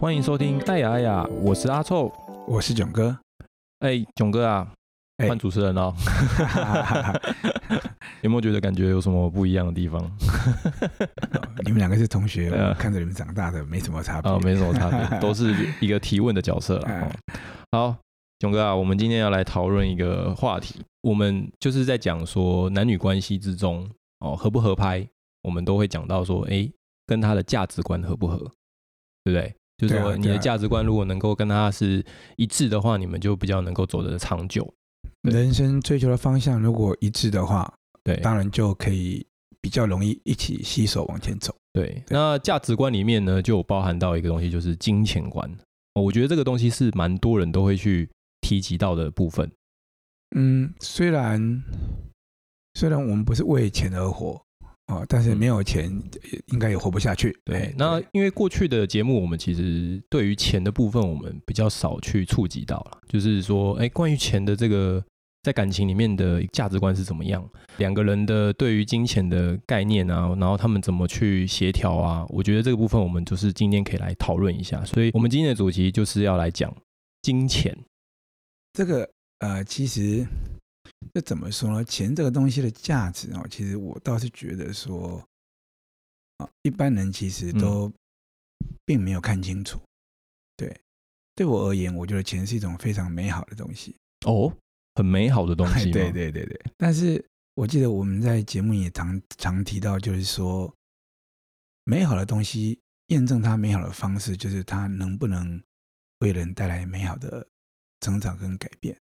歡迎收聽戴雅雅，我是阿臭，我是囧哥。哎、欸，囧哥啊，換、欸、主持人嘍。有沒有覺得感覺有什麼不一樣的地方？你們兩個是同學，啊、看着你們長大的，沒什麼差別哦，沒什麼差別，都是一個提問的角色啦。 哦、好，囧哥啊，我們今天要來討論一個話題，我們就是在講說男女關係之中哦，合不合拍，我們都會講到說，哎、欸，跟他的價值觀合不合，對不對？就是你的價值觀如果能夠跟他是一致的話，啊啊嗯、你們就比較能夠走得長久。人生追求的方向如果一致的話，對，當然就可以比較容易一起攜手往前走。對，對，那價值觀裡面呢，就有包含到一個東西，就是金錢觀。哦，我覺得這個東西是蠻多人都會去提及到的部分。嗯，雖然雖然我們不是為錢而活。啊、哦！但是沒有錢，嗯、應該也活不下去。對，欸、那因為過去的節目，我們其實對於錢的部分，我們比較少去觸及到。就是說，哎、欸，關於錢的這個，在感情裡面的價值觀是怎麼樣？兩個人的對於金錢的概念啊，然後他們怎麼去協調啊？我覺得這個部分，我們就是今天可以來討論一下。所以我們今天的主題就是要來講金錢。這個呃，其實。那怎麼說呢？錢這個東西的價值啊，其實我倒是覺得說，一般人其實都並沒有看清楚。嗯、對，對我而言，我覺得錢是一種非常美好的東西哦，很美好的東西。對對對對。但是我記得我們在節目也常常提到，就是說，美好的東西，驗證它美好的方式，就是它能不能為人帶來美好的成長跟改變。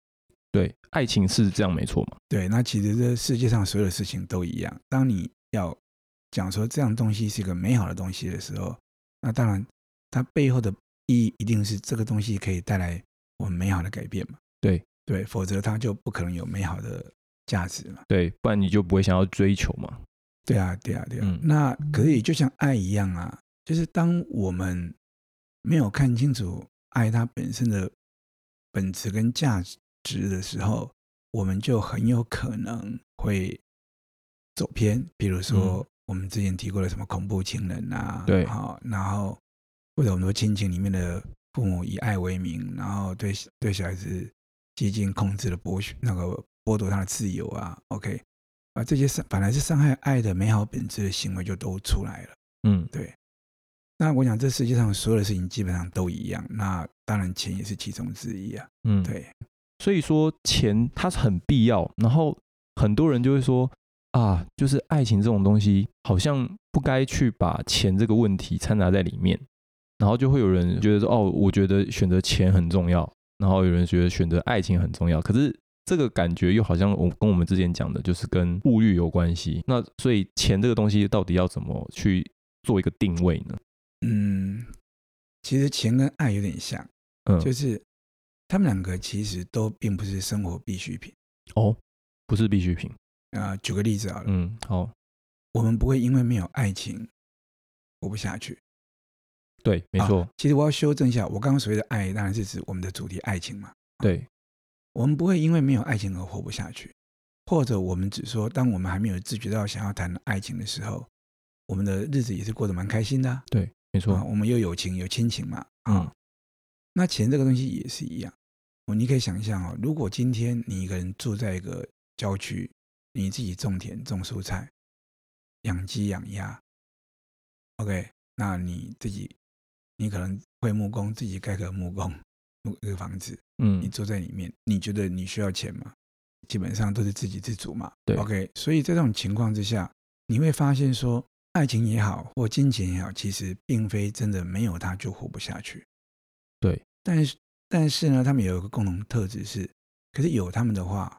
對，愛情是這樣沒錯嘛？對，那其實這世界上所有的事情都一樣。當你要講說這樣東西是一個美好的東西的時候，那當然它背後的意義一定是這個東西可以帶來我們美好的改變嘛？對對，否則它就不可能有美好的價值嘛？對，不然你就不會想要追求嘛？對啊對啊對啊。對啊對啊嗯、那可以就像愛一樣啊，就是當我們沒有看清楚愛它本身的本質跟價值值的時候，我們就很有可能會走偏。比如說，我們之前提過的什麼恐怖情人啊，對，好，然後或者很多親情裡面的父母以愛為名，然後對對小孩子極盡控制的剝削，那個剝奪他的自由啊。OK，啊，這些傷本來是傷害愛的美好本質的行為就都出來了。嗯，對。那我想這世界上所有的事情基本上都一樣，那當然錢也是其中之一啊。嗯，對。所以說，錢它是很必要，然後很多人就會說啊，就是愛情這種東西好像不該去把錢這個問題摻雜在裡面，然後就會有人覺得說，哦，我覺得選擇錢很重要，然後有人覺得選擇愛情很重要，可是這個感覺又好像我跟我們之前講的，就是跟物欲有關係。那所以，錢這個東西到底要怎麼去做一個定位呢？嗯，其實錢跟愛有點像，嗯，就是。他們兩個其實都並不是生活必需品哦，不是必需品啊、呃。舉個例子啊，嗯，好，我們不會因為沒有愛情活不下去。對，沒錯、哦。其實我要修正一下，我剛剛所謂的愛，當然是指我們的主題愛情嘛。哦、對，我們不會因為沒有愛情而活不下去，或者我們只說，當我們還沒有自覺到想要談愛情的時候，我們的日子也是過得蠻開心的、啊。對，沒錯、哦，我們有友情、有親情嘛，啊、哦，嗯、那錢這個東西也是一樣。你可以想象想哦，如果今天你一個人住在一個郊區，你自己種田、種蔬菜、養雞、養鴨，OK，那你自己，你可能會木工，自己蓋個木工木一個房子，嗯，你住在裡面，嗯，你覺得你需要錢嗎？基本上都是自給自足嘛，對，OK，所以在這種情況之下，你會發現說，愛情也好，或金錢也好，其實並非真的沒有它就活不下去，對，但是。但是呢，他們也有一個共同特質是，可是有他們的話，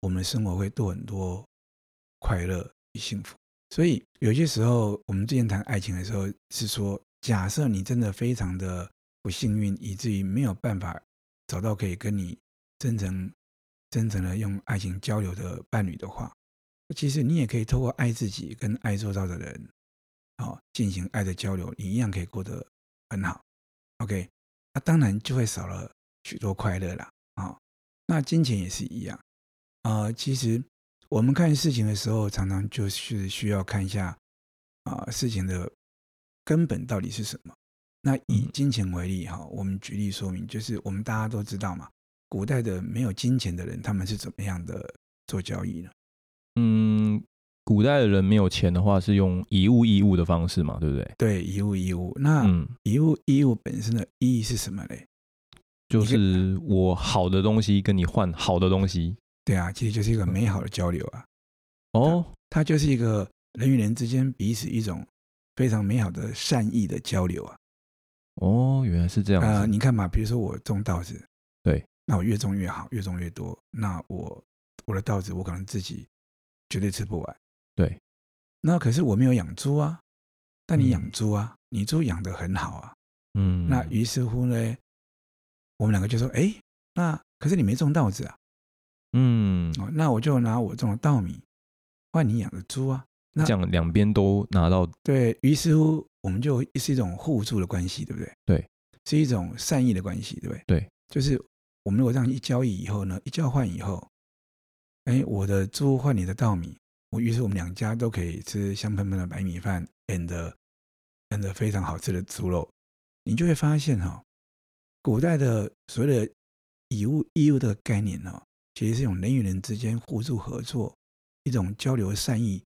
我們的生活會多很多快樂與幸福。所以有些時候，我們之前談愛情的時候，是說，假設你真的非常的不幸運，以至於沒有辦法找到可以跟你真誠、真誠的用愛情交流的伴侶的話，其實你也可以透過愛自己跟愛周遭的人，哦，進行愛的交流，你一樣可以過得很好。OK。那、啊、當然就會少了許多快樂了啊、哦！那金錢也是一樣啊、呃。其實我們看事情的時候，常常就是需要看一下啊、呃、事情的根本到底是什麼。那以金錢為例哈、哦，我們舉例說明，就是我們大家都知道嘛，古代的沒有金錢的人，他們是怎麼樣的做交易呢？嗯。古代的人沒有錢的話，是用以物易物的方式嘛，對不對？對，以物易物。那、嗯、以物易物本身的意義是什麼嘞？就是我好的東西跟你換好的東西。對啊，其實就是一個美好的交流啊。哦、嗯，它就是一個人與人之間彼此一種非常美好的善意的交流啊。哦，原來是這樣啊、呃！你看嘛，比如說我種稻子，對，那我越種越好，越種越多，那我我的稻子我可能自己絕對吃不完。對，那可是我沒有養豬啊，但你養豬啊，嗯、你豬養得很好啊，嗯，那於是乎呢，我們兩個就說，哎，那可是你沒種稻子啊，嗯，哦，那我就拿我種的稻米換你養的豬啊，那這樣兩邊都拿到，對，於是乎我們就是一種互助的關係，對不對？對，是一種善意的關係，對不對？對，就是我們如果這樣一交易以後呢，一交換以後，哎，我的豬換你的稻米。我於是我們兩家都可以吃香噴噴的白米飯，and，and and 非常好吃的豬肉，你就會發現哈、哦，古代的所謂的以物易物的概念呢、哦，其實是一種人與人之間互助合作、一種交流善意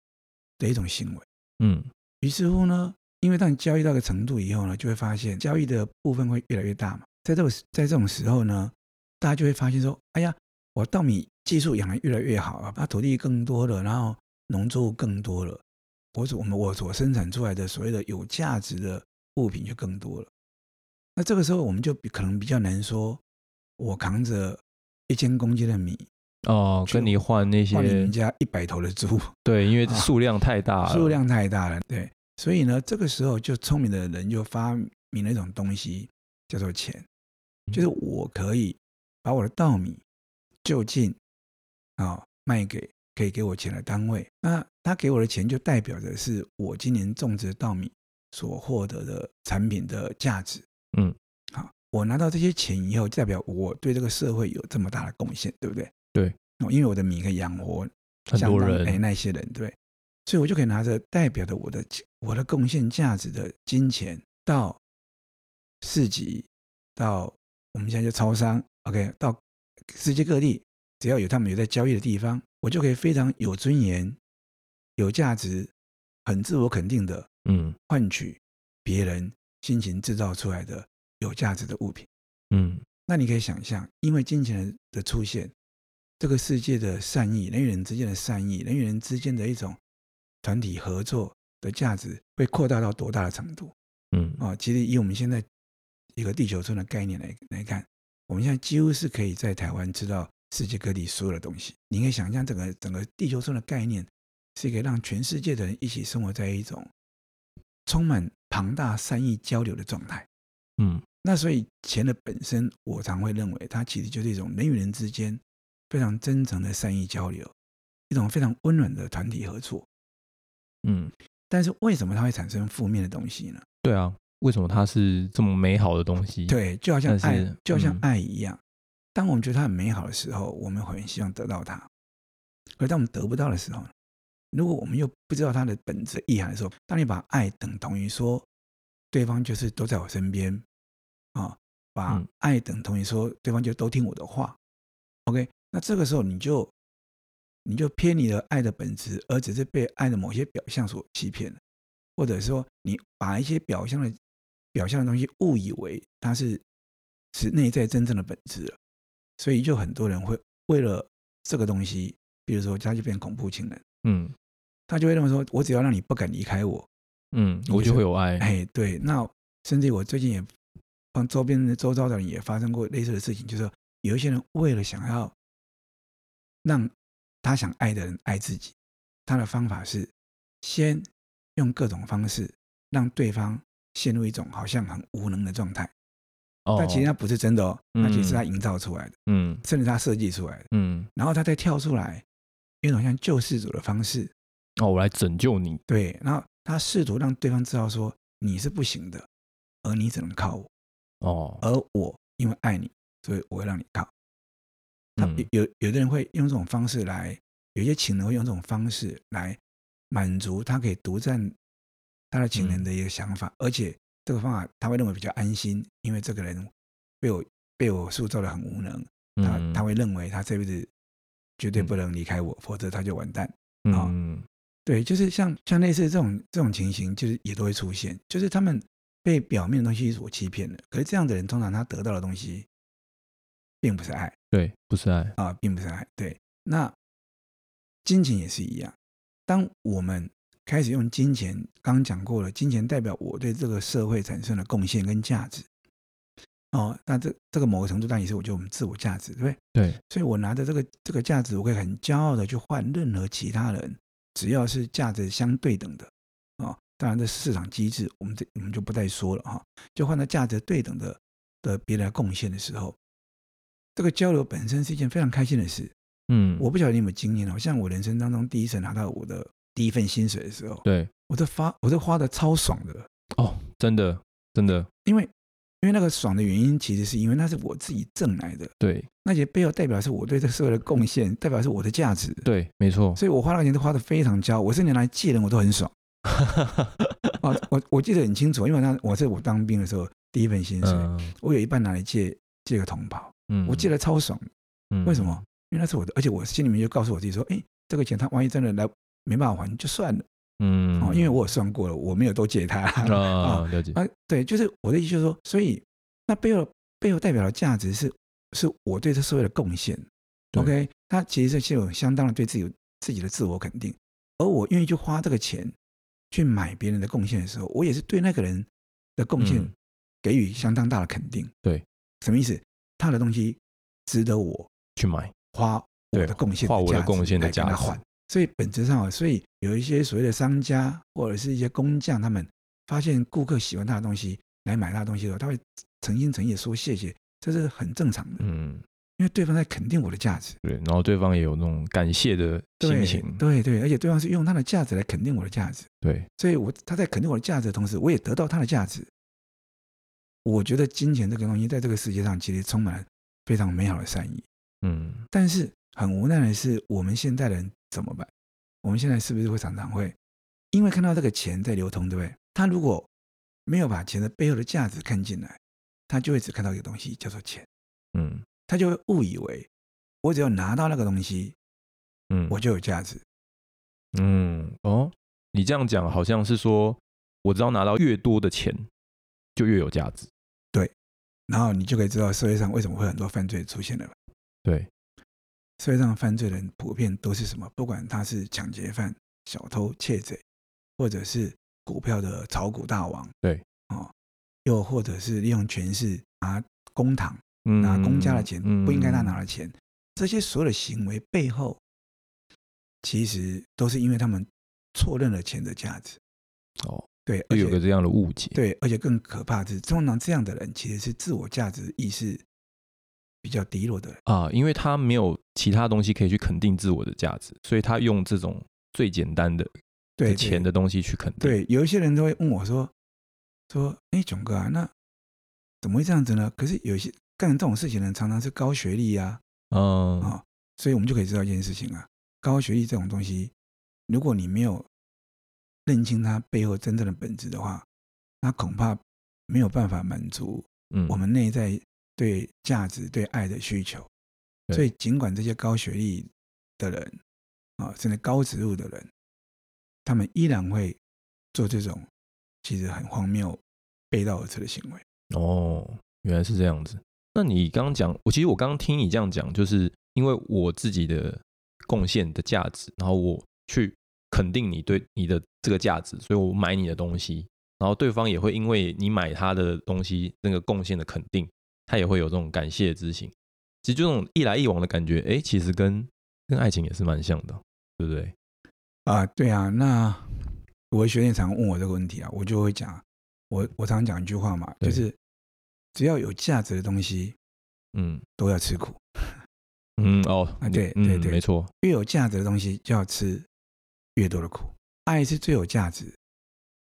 的一種行為。嗯，於是乎呢，因為當你交易到一個程度以後呢，就會發現交易的部分會越來越大嘛，在這個在這種時候呢，大家就會發現說，哎呀，我稻米技術養得越來越好啊，把土地更多了，然後。農作物更多了，我所我們我所生產出來的所謂的有價值的物品就更多了。那這個時候我們就比可能比較難說，我扛着一千公斤的米哦，就跟你換那些人家一百頭的豬，對，因為數量太大了，啊、數量太大了，對。所以呢，這個時候就聰明的人就發明了一種東西，叫做錢，就是我可以把我的稻米就近啊、嗯哦、賣給。可以給我錢的單位，那他給我的錢就代表的是我今年種植稻米所獲得的產品的價值。嗯，好，我拿到這些錢以後，代表我對這個社會有這麼大的貢獻，對不對？對，因為我的米可以養活很多人，哎，那些人對，所以我就可以拿着代表的我的我的貢獻價值的金錢到市集，到我們現在就超商，OK，到世界各地，只要有他們有在交易的地方。我就可以非常有尊嚴、有價值、很自我肯定的，嗯，換取別人辛勤製造出來的有價值的物品，嗯，那你可以想象，因為金錢的出現，這個世界的善意、人與人之間的善意、人與人之間的一種團體合作的價值，會擴大到多大的程度？嗯，啊、哦，其實以我們現在一個地球村的概念來來看，我們現在幾乎是可以在台灣知道。世界各地所有的東西，你可以想象，整個整個地球村的概念是一個讓全世界的人一起生活在一種充滿龐大善意交流的狀態。嗯，那所以錢的本身，我常會認為它其實就是一種人與人之間非常真誠的善意交流，一種非常溫暖的團體合作。嗯，但是為什麼它會產生負面的東西呢？嗯，對啊，為什麼它是這麼美好的東西？對，就好像愛，嗯，就像愛一樣。當我們覺得它很美好的時候，我們很希望得到它。可是當我們得不到的時候，如果我們又不知道它的本質意涵的時候，當你把愛等同於說對方就是都在我身邊，啊，把愛等同於說對方就都聽我的話，嗯，OK，那這個時候你就你就偏離了愛的本質，而只是被愛的某些表象所欺騙，或者說你把一些表象的表象的東西誤以為它是是內在真正的本質了。所以就很多人會為了這個東西，比如說他就變恐怖情人，嗯，他就會認為說，我只要讓你不敢離開我，嗯，我就會有愛。哎，對，那甚至我最近也幫周邊的周遭的人也發生過類似的事情，就是有一些人為了想要讓他想愛的人愛自己，他的方法是先用各種方式讓對方陷入一種好像很無能的狀態。但其實他不是真的、喔、哦，那、嗯、其實是他營造出來的，嗯，甚至他設計出來的，嗯，然後他再跳出來，用一種像救世主的方式，哦，我來拯救你，對，然後他試圖讓對方知道說你是不行的，而你只能靠我，哦，而我因為愛你，所以我會讓你靠，他有、嗯、有的人會用這種方式來，有些情人會用這種方式來滿足他可以獨佔他的情人的一個想法，嗯、而且。這個方法他會認為比較安心，因為這個人被我被我塑造的很無能，嗯、他他會認為他這輩子絕對不能離開我，嗯、否則他就完蛋啊、嗯哦。對，就是像像類似這種這種情形，就是也都會出現，就是他們被表面的東西所欺騙的。可是這樣的人通常他得到的東西並不是愛，對，不是愛啊、哦，並不是愛。對，那金錢也是一樣，當我們。開始用金錢，剛剛講過了，金錢代表我對這個社會產生的貢獻跟價值。哦，那這這個某個程度上也是，我覺得我們自我價值，對不對？對，所以我拿着這個這個價值，我會很驕傲的去換任何其他人，只要是價值相對等的。哦，當然，這市場機制，我們這我們就不再說了哈。哦，就換到價值對等的的別人來貢獻的時候，這個交流本身是一件非常開心的事。嗯，我不曉得你有沒有經驗，好像我人生當中第一次拿到我的。第一份薪水的時候，對我都發，我都花的超爽的哦，真的，真的，因為因為那個爽的原因，其實是因為那是我自己掙來的，對，那些背後代表是我對這個社會的貢獻，代表是我的價值，對，沒錯，所以我花那個錢都花的非常驕傲，我甚年來借的我都很爽。 我我我記得很清楚，因為那我是我當兵的時候第一份薪水，嗯、我有一半拿來借借個同袍，嗯，我借的超爽的，嗯、為什麼？因為那是我的，而且我心裡面就告訴我自己說，哎、欸，這個錢他萬一真的來。沒辦法還就算了，嗯，哦，因為我也算過了，我沒有多借他啊。啊，了解啊。對，就是我的意思，就是說，所以那背後背後代表的價值是，是我對他所有的貢獻對，OK，他其實是有相當的對自己自己的自我肯定，而我願意去花這個錢去買別人的貢獻的時候，我也是對那個人的貢獻給予相當大的肯定，嗯、對，什麼意思？他的東西值得我去買，花我的貢獻，花我的貢獻的價值來換。所以本質上，所以有一些所謂的商家或者是一些工匠，他們發現顧客喜歡他的東西來買他的東西的時候，他會誠心誠意的說謝謝，這是很正常的。嗯，因為對方在肯定我的價值。對，嗯、然後對方也有那種感謝的心情。對對，對，而且對方是用他的價值來肯定我的價值。對，所以我他在肯定我的價值的同時，我也得到他的價值。我覺得金錢這個東西在這個世界上其實充滿了非常美好的善意。嗯，但是。很無奈的是，我們現代人怎麼辦？我們現在是不是會常常會，因為看到這個錢在流通，對不對？他如果沒有把錢的背後的價值看進來，他就會只看到一個東西叫做錢，嗯，他就會誤以為，我只要拿到那個東西，嗯，我就有價值，嗯，哦，你這樣講好像是說，我只要拿到越多的錢，就越有價值，對，然後你就可以知道社會上為什麼會很多犯罪出現了，對。社會上犯罪人普遍都是什麼？不管他是搶劫犯、小偷、竊賊，或者是股票的炒股大王，對，哦，又或者是利用權勢拿公帑、嗯、拿公家的錢，嗯、不應該他拿，拿的錢，嗯、這些所有的行為背後，其實都是因為他們錯認了錢的價值。哦，對，而且有個這樣的誤解。對，而且更可怕的是，通常這樣的人其實是自我價值意識比較低落的人啊，因為他沒有。其他東西可以去肯定自我的價值，所以他用這種最簡單的錢的東西，對對，去肯定對。對，有一些人都會問我說：“說，哎，炯哥啊，那怎麼會這樣子呢？”可是有些幹這種事情的人常常是高學歷呀、啊，嗯啊、哦，所以我們就可以知道一件事情啊，高學歷這種東西，如果你沒有認清它背後真正的本質的話，那恐怕沒有辦法滿足我們內在對價值、嗯、對愛的需求。所以，儘管這些高學歷的人啊，甚至高職務的人，他們依然會做這種其實很荒謬、背道而馳的行為。哦，原來是這樣子。那你剛剛講，我其實我剛剛聽你這樣講，就是因為我自己的貢獻的價值，然後我去肯定你對你的這個價值，所以我買你的東西，然後對方也會因為你買他的東西，那個貢獻的肯定，他也會有這種感謝之情。其實就那種一來一往的感覺，誒，其實跟跟愛情也是蠻像的，對不對？啊，對啊。那我學員常問我這個問題啊，我就會講，我我常講一句話嘛，對就是只要有價值的東西，嗯，都要吃苦。嗯， 嗯，哦，對、啊，對，嗯、對，對，沒錯。越有價值的東西就要吃越多的苦。愛是最有價值，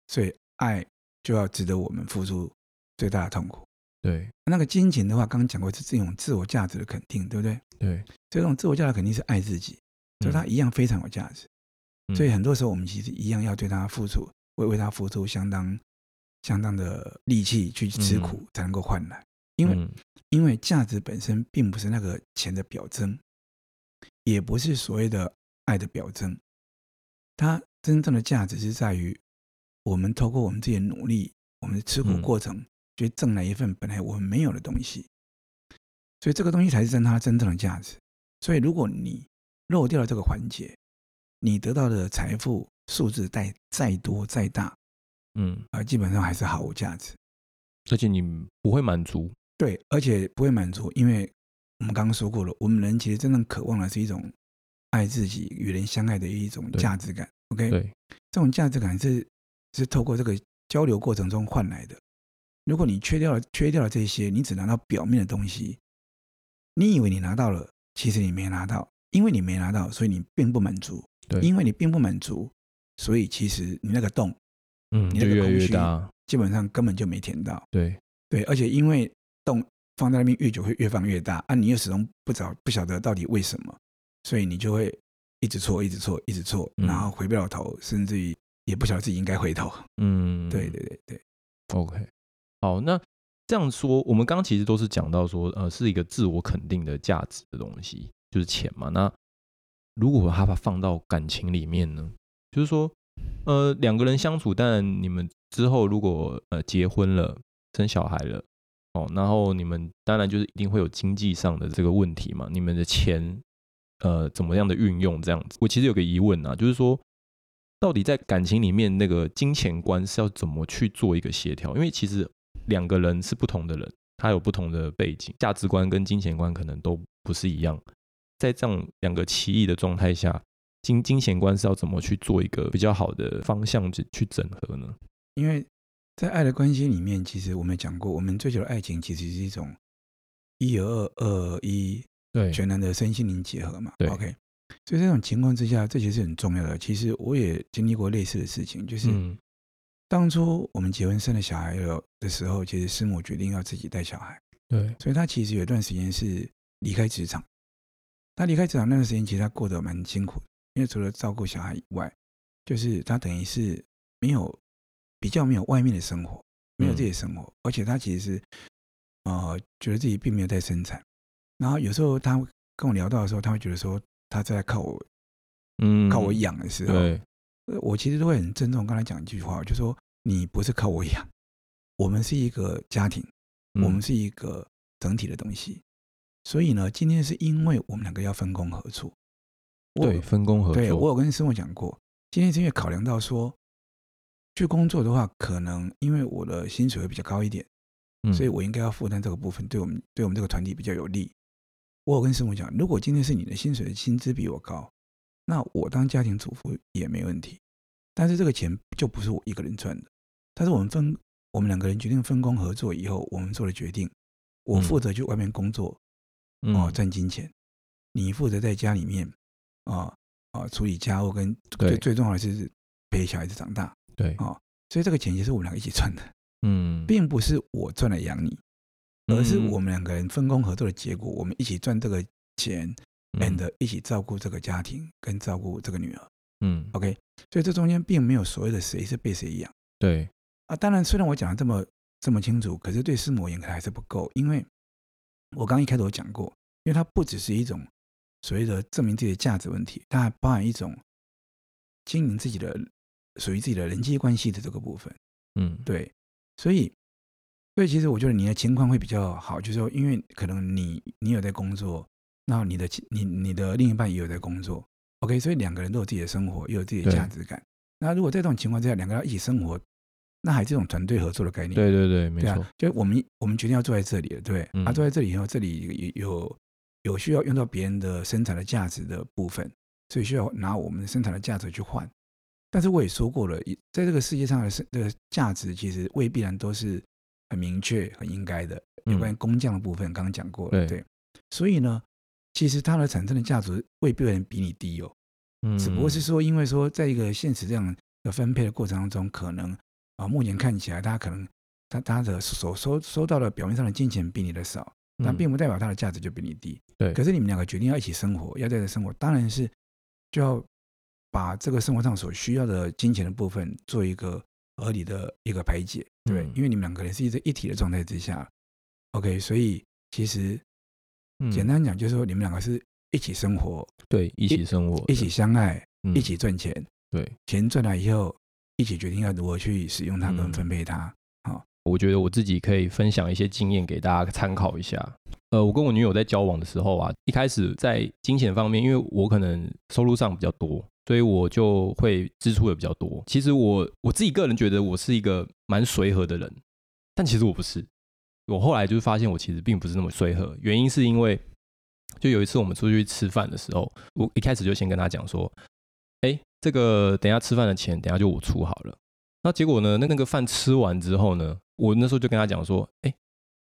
所以愛就要值得我們付出最大的痛苦。對，那個金錢的話，剛剛講過是這種自我價值的肯定，對不對？對，所以這種自我價值肯定是愛自己，嗯、所以他一樣非常有價值。嗯、所以很多時候我們其實一樣要對他付出，為、嗯、為他付出相當、相當的力氣去吃苦，才能夠換來。嗯、因為，因為價值本身並不是那個錢的表徵，也不是所謂的愛的表徵，它真正的價值是在於我們透過我們自己的努力，我們的吃苦過程。嗯就掙來一份本來我們沒有的東西，所以這個東西才是真他真正的價值。所以如果你漏掉了這個環節，你得到的財富數字再再多再大，嗯，而基本上還是毫無價值，而且你不會滿足。對，而且不會滿足，因為我們剛剛說過了，我們人其實真正渴望的是一種愛自己、與人相愛的一種價值感。對 OK，對，這種價值感是是透過這個交流過程中換來的。如果你缺掉了、缺掉了這些，你只拿到表面的東西，你以為你拿到了，其實你沒拿到。因為你沒拿到，所以你並不滿足。對，因為你並不滿足，所以其實你那個洞，嗯，你那個空虛，越越越大，基本上根本就沒填到。對，對，而且因為洞放在那邊越久會越放越大，啊，你又始終不找不曉得到底為什麼，所以你就會一直錯，一直錯，一直錯，然後回不了頭，嗯、甚至於也不曉得自己應該回頭。嗯，對對對對，OK。好，那這樣說，我們剛剛其實都是講到說，呃，是一個自我肯定的價值的東西，就是錢嘛。那如果把它放到感情裡面呢？就是說，呃，兩個人相處，但你們之後如果呃結婚了、生小孩了，哦，然後你們當然就是一定會有經濟上的這個問題嘛。你們的錢，呃，怎麼樣的運用這樣子？我其實有個疑問啊，就是說，到底在感情裡面那個金錢觀是要怎麼去做一個協調？因為其實。兩個人是不同的人，他有不同的背景、價值觀跟金錢觀，可能都不是一樣。在這樣兩個奇異的狀態下，金金錢觀是要怎麼去做一個比較好的方向去去整合呢？因為，在愛的關係裡面，其實我們講過，我們追求的愛情其實是一種一而二二而一，對，全然的身心靈結合嘛。對，OK。所以這種情況之下，這其實是很重要的。其實我也經歷過類似的事情，就是、嗯。當初我們結婚生了小孩的時候，其實師母決定要自己帶小孩。對，所以她其實有段時間是離開職場。她離開職場那段時間，其實她過得蠻辛苦，因為除了照顧小孩以外，就是她等於是沒有，比較沒有外面的生活，沒有自己的生活，而且他其實是，呃，覺得自己並沒有在生產。然後有時候他跟我聊到的時候，他會覺得說他在靠我，嗯，靠我養的時候。我其實都會很鄭重跟他講一句話，就是、說你不是靠我養，我們是一個家庭，我們是一個整體的東西。嗯、所以呢，今天是因為我們兩個要分工合作。對，分工合作。對，我有跟師父講過，今天是因為考量到說去工作的話，可能因為我的薪水會比較高一點，嗯、所以我應該要負擔這個部分，對我們對我們這個團體比較有利。我有跟師父講，如果今天是你的薪水的薪資比我高，那我當家庭主婦也沒問題，但是這個錢就不是我一個人賺的，但是我們分，我們兩個人決定分工合作以後，我們做了決定，我負責去外面工作，啊賺、嗯哦、金錢，你負責在家裡面，啊、哦、啊、哦、處理家務跟最最重要的是陪小孩子長大，對啊、哦，所以這個錢也是我們兩個一起賺的，嗯，並不是我賺來養你，而是我們兩個人分工合作的結果，我們一起賺這個錢。and 一起照顧這個家庭，跟照顧這個女兒，嗯，OK，所以這中間並沒有所謂的誰是被誰養，對啊。當然，雖然我講的這麼這麼清楚，可是對師母而言可能還是不夠，因為我剛一開始有講過，因為它不只是一種所謂的證明自己的價值問題，它還包含一種經營自己的、屬於自己的人際關係的這個部分，嗯，對，所以，所以其實我覺得你的情況會比較好，就是說，因為可能你你有在工作。然後你的你你的另一半也有在工作，OK，所以兩個人都有自己的生活，也有自己的價值感。對那如果在這種情況之下，兩個人要一起生活，那還是這種團隊合作的概念。對對對，對啊、沒錯。就我們我們決定要坐在這裡了，對，嗯、啊，坐在這裡以後，這裡也有有需要用到別人的生產的價值的部分，所以需要拿我們的生產的價值去換。但是我也說過了，在這個世界上的這個價值其實未必然都是很明確、很應該的。有關於工匠的部分，嗯、剛剛講過了，對。對，所以呢？其實他的產生的價值未必會比你低哦，只不過是說，因為說，在一個現實這樣的分配的過程當中，可能啊，目前看起來他可能他他的所收收到的表面上的金錢比你的少，但並不代表他的價值就比你低。對，可是你們兩個決定要一起生活，要在這生活，當然是就要把這個生活上所需要的金錢的部分做一個合理的一個排解。對，因為你們兩個人是一一體的狀態之下，OK，所以其實。簡單講，就是說你們兩個是一起生活，嗯、對，一起生活一，一起相愛，嗯、一起賺錢，對，錢賺來以後，一起決定要如何去使用它們，分配它。好、嗯，哦、我覺得我自己可以分享一些經驗給大家參考一下。呃，我跟我女友在交往的時候啊，一開始在金錢方面，因為我可能收入上比較多，所以我就會支出也比較多。其實我我自己個人覺得我是一個蠻隨和的人，但其實我不是。我後來就發現，我其實並不是那麼隨和。原因是因為，就有一次我們出去吃飯的時候，我一開始就先跟他講說：“哎、欸，這個等一下吃飯的錢，等一下就我出好了。”那結果呢？那那個飯吃完之後呢，我那時候就跟他講說：“哎、欸，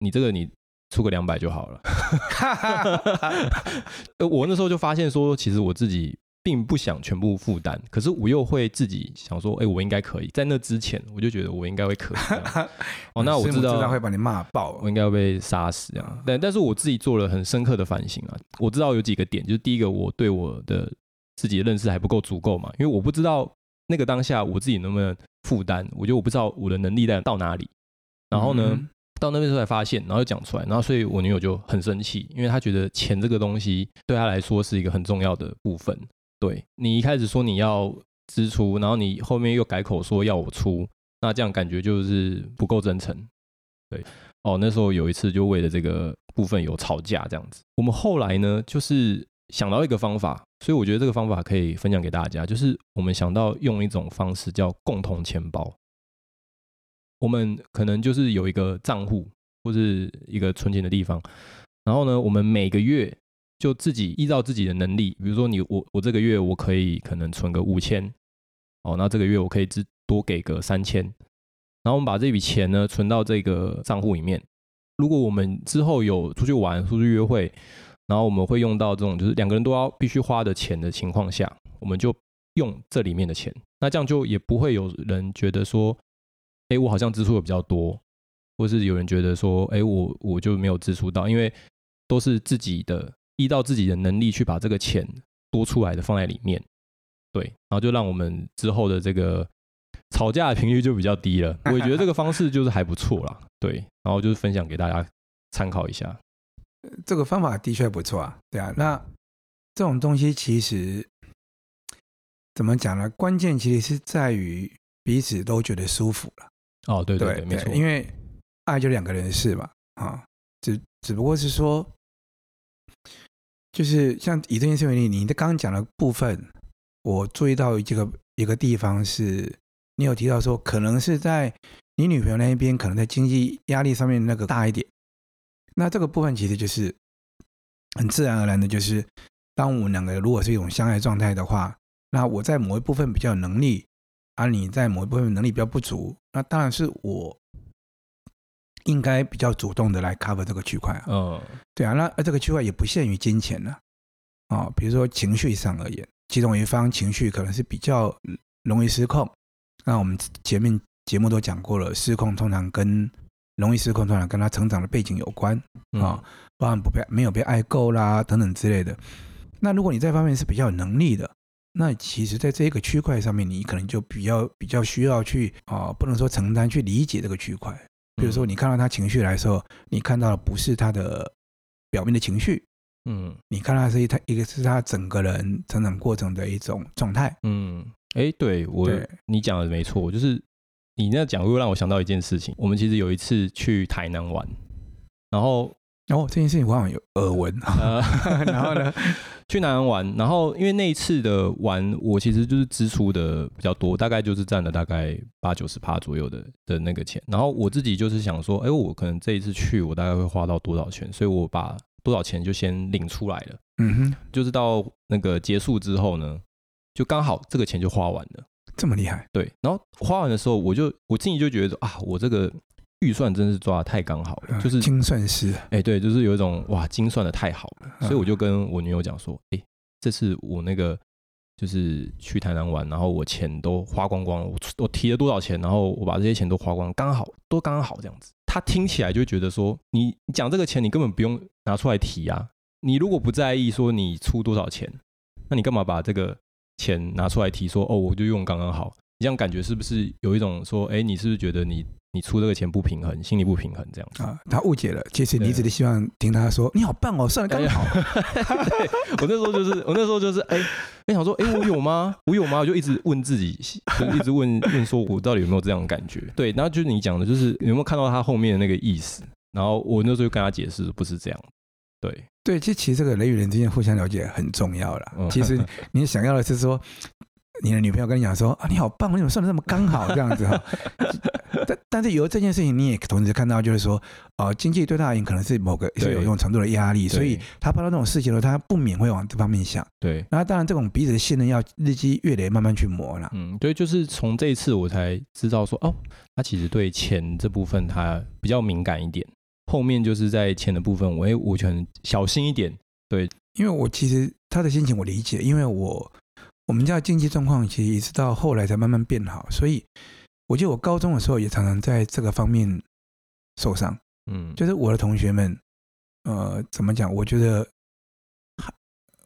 你這個你出個兩百就好了。 ” 我那時候就發現說，其實我自己。並不想全部負擔，可是我又會自己想說，哎、欸，我應該可以在那之前，我就覺得我應該會可以。 哦，那我知道，知道會把你罵爆，我應該會被殺死啊！但但是我自己做了很深刻的反省啊，我知道有幾個點，就是第一個，我對我的自己的認識還不夠足夠嘛，因為我不知道那個當下我自己能不能負擔，我覺得我不知道我的能力在到哪裡。然後呢，嗯、到那邊時候才發現，然後又講出來，然後所以我女友就很生氣，因為她覺得錢這個東西對她來說是一個很重要的部分。對，你一開始說你要支出，然後你後面又改口說要我出，那這樣感覺就是不夠真誠。對哦，那時候有一次就為了這個部分有吵架這樣子。我們後來呢，就是想到一個方法，所以我覺得這個方法可以分享給大家，就是我們想到用一種方式叫共同錢包。我們可能就是有一個賬戶或是一個存錢的地方，然後呢，我們每個月。就自己依照自己的能力，比如說你我我這個月我可以可能存個五千，好，那這個月我可以支多給個三千，然後我們把這筆錢呢存到這個賬戶裡面。如果我們之後有出去玩，出去約會，然後我們會用到這種就是兩個人都要必須花的錢的情況下，我們就用這裡面的錢。那這樣就也不會有人覺得說，誒，我好像支出的比較多，或者是有人覺得說，誒，我我就沒有支出到，因為都是自己的。依照自己的能力去把這個錢多出來的放在裡面，對，然後就讓我們之後的這個吵架的頻率就比較低了。 我也覺得這個方式就是還不錯啦，對，然後就是分享給大家參考一下。這個方法的確不錯啊，對啊，那這種東西其實怎麼講呢？關鍵其實是在於彼此都覺得舒服了啊。哦，對對對，對沒錯 錯，因為愛就兩個人的事嘛，啊，只只不過是說。就是像以這件事為例，你的剛剛講的部分，我注意到這個一個地方是，你有提到說，可能是在你女朋友那一邊，可能在經濟壓力上面那個大一點。那這個部分其實就是很自然而然的，就是當我們兩個如果是一種相愛狀態的話，那我在某一部分比較有能力、啊，而你在某一部分能力比較不足，那當然是我。應該比較主動的來 cover 這個區塊。嗯、啊，oh. 對啊，那這個區塊也不限於金錢呢、啊。啊、哦，比如說情緒上而言，其中一方情緒可能是比較容易失控。那我們前面節目都講過了，失控通常跟容易失控通常跟他成長的背景有關啊，哦嗯、包含不被沒有被愛夠啦等等之類的。那如果你在這方面是比較有能力的，那其實，在這個區塊上面，你可能就比較比較需要去啊、哦，不能說承擔，去理解這個區塊。比如說，你看到他情緒來的時候，你看到的不是他的表面的情緒，嗯，你看到的是一他一個是他整個人成長過程的一種狀態，嗯，哎，對我，對你講的沒錯，就是你那講又讓我想到一件事情，我們其實有一次去台南玩，然後，然後、哦、這件事情我好像有耳聞，呃、然後呢？ 去南安玩，然後因為那一次的玩，我其實就是支出的比較多，大概就是占了大概八九十趴左右的的那個錢。然後我自己就是想說，哎，我可能這一次去，我大概會花到多少錢？所以我把多少錢就先領出來了。嗯哼，就是到那個結束之後呢，就剛好這個錢就花完了，這麼厲害？對。然後花完的時候，我就我自己就覺得啊，我這個。預算真是抓得太剛好了、嗯，就是精算師。哎、欸，對，就是有一種哇，精算得太好了。所以我就跟我女友講說，哎、嗯欸，這次我那個就是去台南玩，然後我錢都花光光了。我我提了多少錢？然後我把這些錢都花光，剛好都剛剛好這樣子。她聽起來就覺得說，你講這個錢，你根本不用拿出來提啊。你如果不在意說你出多少錢，那你幹嘛把這個錢拿出來提說？說哦，我就用剛剛好。你這樣感覺是不是有一種說，哎、欸，你是不是覺得你你出這個錢不平衡，心裡不平衡這樣子？啊，他誤解了。其實你一直希望聽他說對你好棒哦，算了，剛好。我那時候就是， 我那時候就是，哎、欸欸，我想說，哎、欸，我有嗎？我有嗎？我就一直問自己，就一直問，問說我到底有沒有這樣的感覺？對，然後就是你講的，就是你有沒有看到他後面的那個意思？然後我那時候就跟他解釋，不是這樣。對，對，其實其實這個人與人之間互相了解很重要啦。嗯、其實你想要的是說。你的女朋友跟你講說啊，你好棒，你怎麼算的那麼剛好這樣子？ 但但是有這件事情，你也同時看到，就是說呃，經濟對他而言可能是某個對是有某種程度的壓力，對所以他碰到這種事情的時候，他不免會往這方面想。對，那當然這種彼此的信任要日積月累，慢慢去磨了。嗯，對，就是從這一次我才知道說哦，他、啊、其實對錢這部分他比較敏感一點。後面就是在錢的部分我會，我我就很小心一點。對，因為我其實他的心情我理解，因為我。我們家經濟狀況其實一直到後來才慢慢變好，所以我記得我高中的時候也常常在這個方面受傷。嗯，就是我的同學們，呃，怎麼講？我覺得還，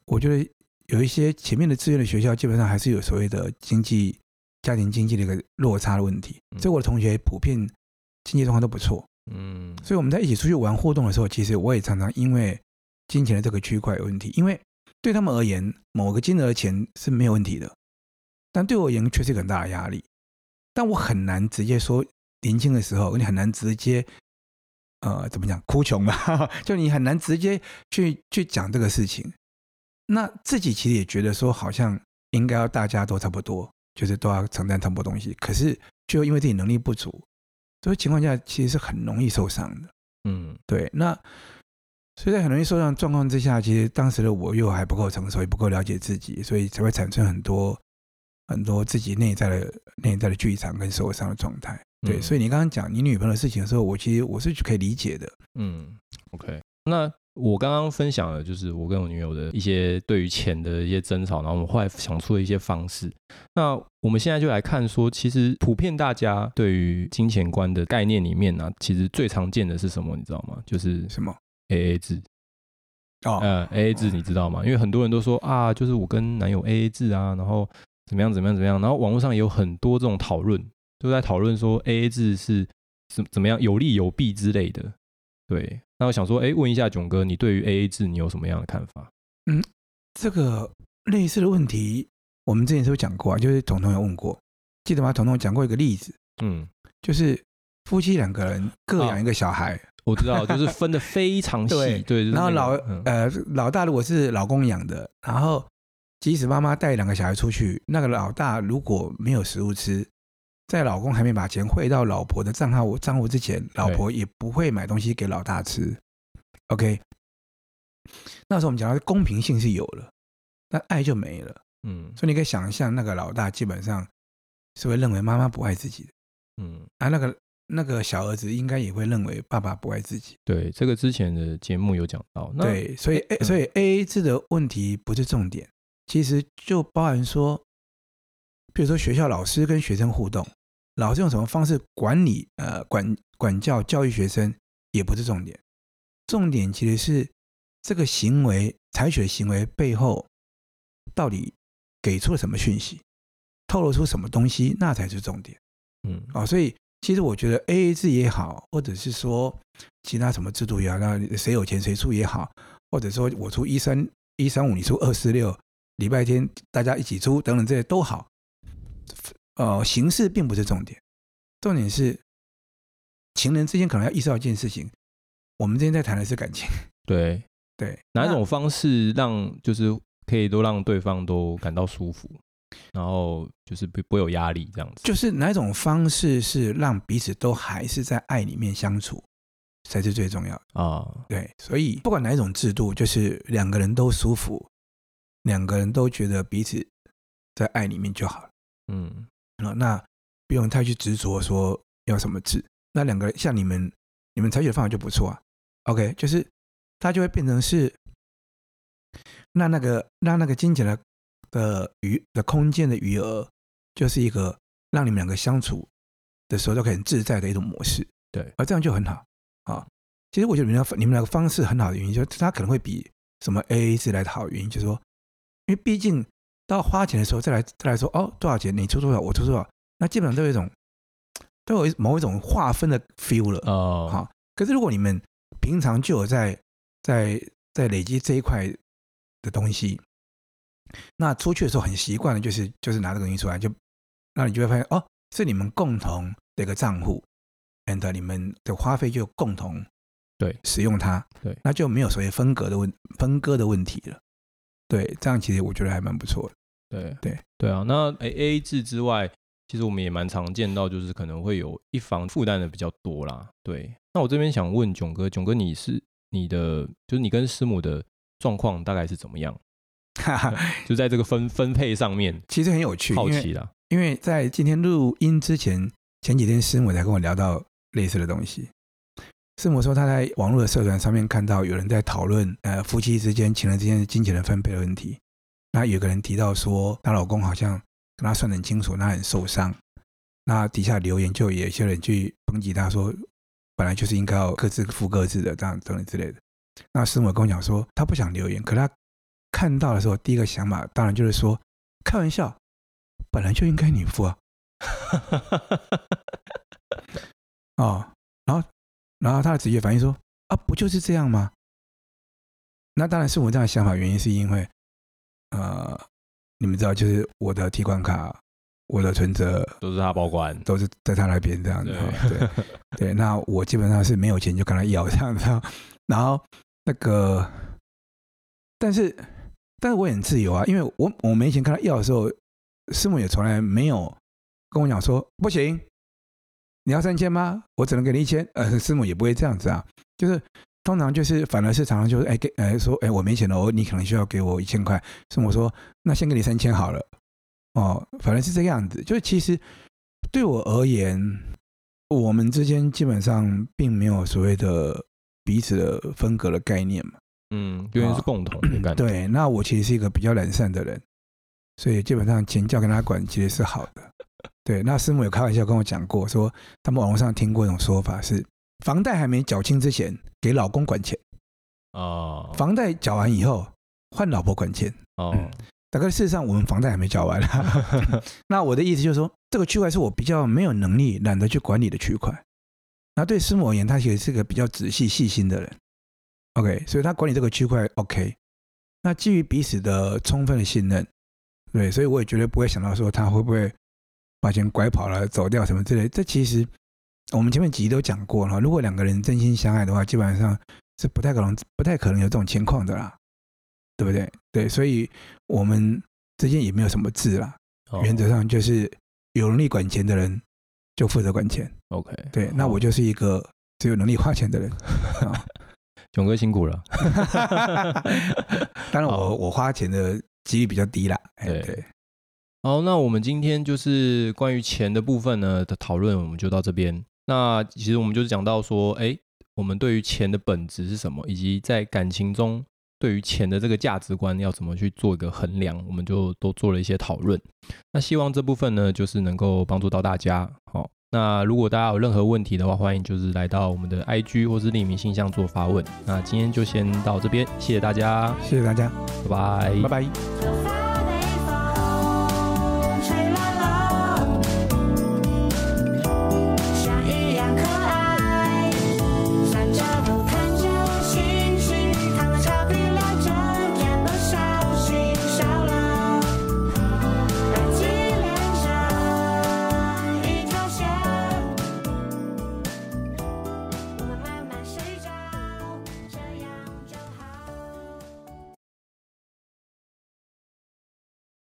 我覺得有一些前面的志願的學校，基本上還是有所謂的經濟家庭經濟的一個落差的問題。所以我的同學普遍經濟狀況都不錯，嗯。所以我們在一起出去玩互動的時候，其實我也常常因為金錢的這個區塊有問題，因為。對他們而言，某個金額的錢是沒有問題的，但對我而言，確實有很大的壓力。但我很難直接說，年輕的時候你很難直接，呃，怎麼講，哭窮吧、啊、就你很難直接去去講這個事情。那自己其實也覺得說，好像應該要大家都差不多，就是都要承擔很多東西。可是，就因為自己能力不足，所以情況下其實是很容易受傷的。嗯，對，那。所以在很容易受傷的狀況之下，其實當時的我又還不夠成熟，也不夠了解自己，所以才會產生很多很多自己內在的內在的劇場跟社會上的狀態。嗯、對，所以你剛剛講你女朋友的事情的時候，我其實我是可以理解的。嗯，OK。那我剛剛分享的就是我跟我女友的一些對於錢的一些爭吵，然後我們後來想出了一些方式。那我們現在就來看說，其實普遍大家對於金錢觀的概念裡面呢、啊，其實最常見的是什麼？你知道嗎？就是什麼？A A 制啊，哦 uh，A A 制你知道嗎？嗯，因為很多人都說啊，就是我跟男友 A A 制啊，然後怎麼樣怎麼樣怎麼樣，然後網絡上也有很多這種討論，都在討論說 A A 制是怎怎麼樣有利有弊之類的。對，那我想說，哎，問一下囧哥，你對於 A A 制你有什麼樣的看法？嗯，這個類似的問題，我們之前是不是講過啊？就是彤彤有問過，記得嗎？彤彤講過一個例子，嗯，就是。夫妻兩個人各養一個小孩，哦、我知道，就是分得非常細。 對，對就是那個、然後老呃老大如果是老公養的，然後即使媽媽帶兩個小孩出去，那個老大如果沒有食物吃，在老公還沒把錢匯到老婆的賬號賬戶之前，老婆也不會買東西給老大吃。對 OK，那時候我們講到公平性是有了，但愛就沒了。嗯，所以你可以想象，那個老大基本上是會認為媽媽不愛自己的。嗯，啊那個。那個小兒子應該也會認為爸爸不愛自己。對，這個之前的節目有講到。對，所以、哎嗯、所以 AA 制的問題不是重點，其實就包含說，比如說學校老師跟學生互動，老師用什麼方式管理呃管管教教育學生也不是重點，重點其實是這個行為採取的行為背後到底給出了什麼訊息，透露出什麼東西，那才是重點。嗯，啊、哦，所以。其實我覺得 AA 制也好，或者是說其他什麼制度也好，那誰有錢誰出也好，或者說我出一三一三五，你出二四六，禮拜天大家一起出等等這些都好。呃，形式並不是重點，重點是情人之間可能要意識到一件事情：我們今天在談的是感情。對對，對那哪一種方式讓就是可以都讓對方都感到舒服。然後就是不不有壓力這樣子，就是哪一種方式是讓彼此都還是在愛裡面相處，才是最重要啊。哦、對，所以不管哪一種制度，就是兩個人都舒服，兩個人都覺得彼此在愛裡面就好嗯,嗯，那不用太去執着說要什麼制，那兩個人像你們，你們採取的方法就不錯啊。OK，就是它就會變成是，那那個讓那,那個金錢的。的餘的空間的餘額，就是一個讓你們兩個相處的時候都可以很自在的一種模式，對，而這樣就很好啊。其實我覺得你們兩你們兩個方式很好的原因，就是它可能會比什麼 AA 制來的好。原因就是說，因為畢竟到花錢的時候再來再來說，哦，多少錢你出多少，我出多少，那基本上都有一種都有一某一種劃分的 feel 了哦。好，可是如果你們平常就有在在在累積這一塊的東西。那出去的時候很習慣的，就是就是拿這個東西出來就，就那你就會發現哦，是你們共同的一個賬戶，and 你們的花費就共同對使用它，對，對那就沒有所謂分割的問分割的問題了。對，這樣其實我覺得還蠻不錯的。對對對啊，那 AA 制之外，其實我們也蠻常見到，就是可能會有一方負擔的比較多啦。對，那我這邊想問囧哥，囧哥你是你的就是你跟師母的狀況大概是怎麼樣？哈哈， 就在這個分分配上面， 其實很有趣，好奇啦。因為在今天錄音之前，前幾天師母才跟我聊到類似的東西。師母說她在網絡的社團上面看到有人在討論，呃，夫妻之間、情人之間金錢的分配的問題。那有個人提到說，她老公好像跟她算得很清楚，那很受傷。那底下留言就也有些人去抨擊他說，本來就是應該要各自付各自的這樣等等之類的。那師母跟我講說，她不想留言，可她。看到的時候，第一個想法當然就是說，開玩笑，本來就應該你付啊、 哦！然後，然後他的直覺反應說，啊，不就是這樣嗎？那當然是我這樣的想法，原因是因為，呃，你們知道，就是我的提款卡、我的存折都是他保管，都是在他那邊這樣子。對，對， 對，那我基本上是沒有錢就跟他要這樣子，然後那個，但是。但是我也很自由啊，因為我我沒錢跟他要的時候，師母也從來沒有跟我講說不行，你要三千嗎？我只能給你一千。呃，師母也不會這樣子啊，就是通常就是反而是常常就是哎給哎說哎我沒錢了，我你可能需要給我一千塊。師母說那先給你三千好了，哦，反而是這個樣子。就是其實對我而言，我們之間基本上並沒有所謂的彼此的分隔的概念嘛。嗯，因為是共同好你你對，那我其實是一個比較懶散的人，所以基本上錢交給他管其實是好的。對，那師母有開玩笑跟我講過，說他們網絡上聽過一種說法是，房貸還沒繳清之前給老公管錢哦，oh. 房貸繳完以後換老婆管錢哦、oh. 嗯。大概事實上我們房貸還沒繳完啊。 那我的意思就是說，這個區塊是我比較沒有能力、懶得去管理的區塊。那對師母而言，他其實是一個比較仔細、細心的人。OK，所以他管理這個區塊，OK，那基於彼此的充分的信任，對，所以我也絕對不會想到說他會不會把錢拐跑了、走掉什麼之類。這其實我們前面幾集都講過了，如果兩個人真心相愛的話，基本上是不太可能、不太可能有這種情況的啦，對不對？對，所以我們之間也沒有什麼字啦。Oh. 原則上就是有能力管錢的人就負責管錢，OK，對，oh. 那我就是一個只有能力花錢的人。Okay . Oh. 囧哥辛苦了， 當然我 好我花錢的幾率比較低啦。對，對，好，那我們今天就是關於錢的部分呢的討論，我們就到這邊。那其實我們就是講到說，哎、欸，我們對於錢的本質是什麼，以及在感情中對於錢的這個價值觀要怎麼去做一個衡量，我們就都做了一些討論。那希望這部分呢，就是能夠幫助到大家。好。那如果大家有任何問題的話，歡迎就是來到我們的 IG 或是匿名信箱做發問。那今天就先到這邊，謝謝大家，謝謝大家，拜拜 bye，拜拜。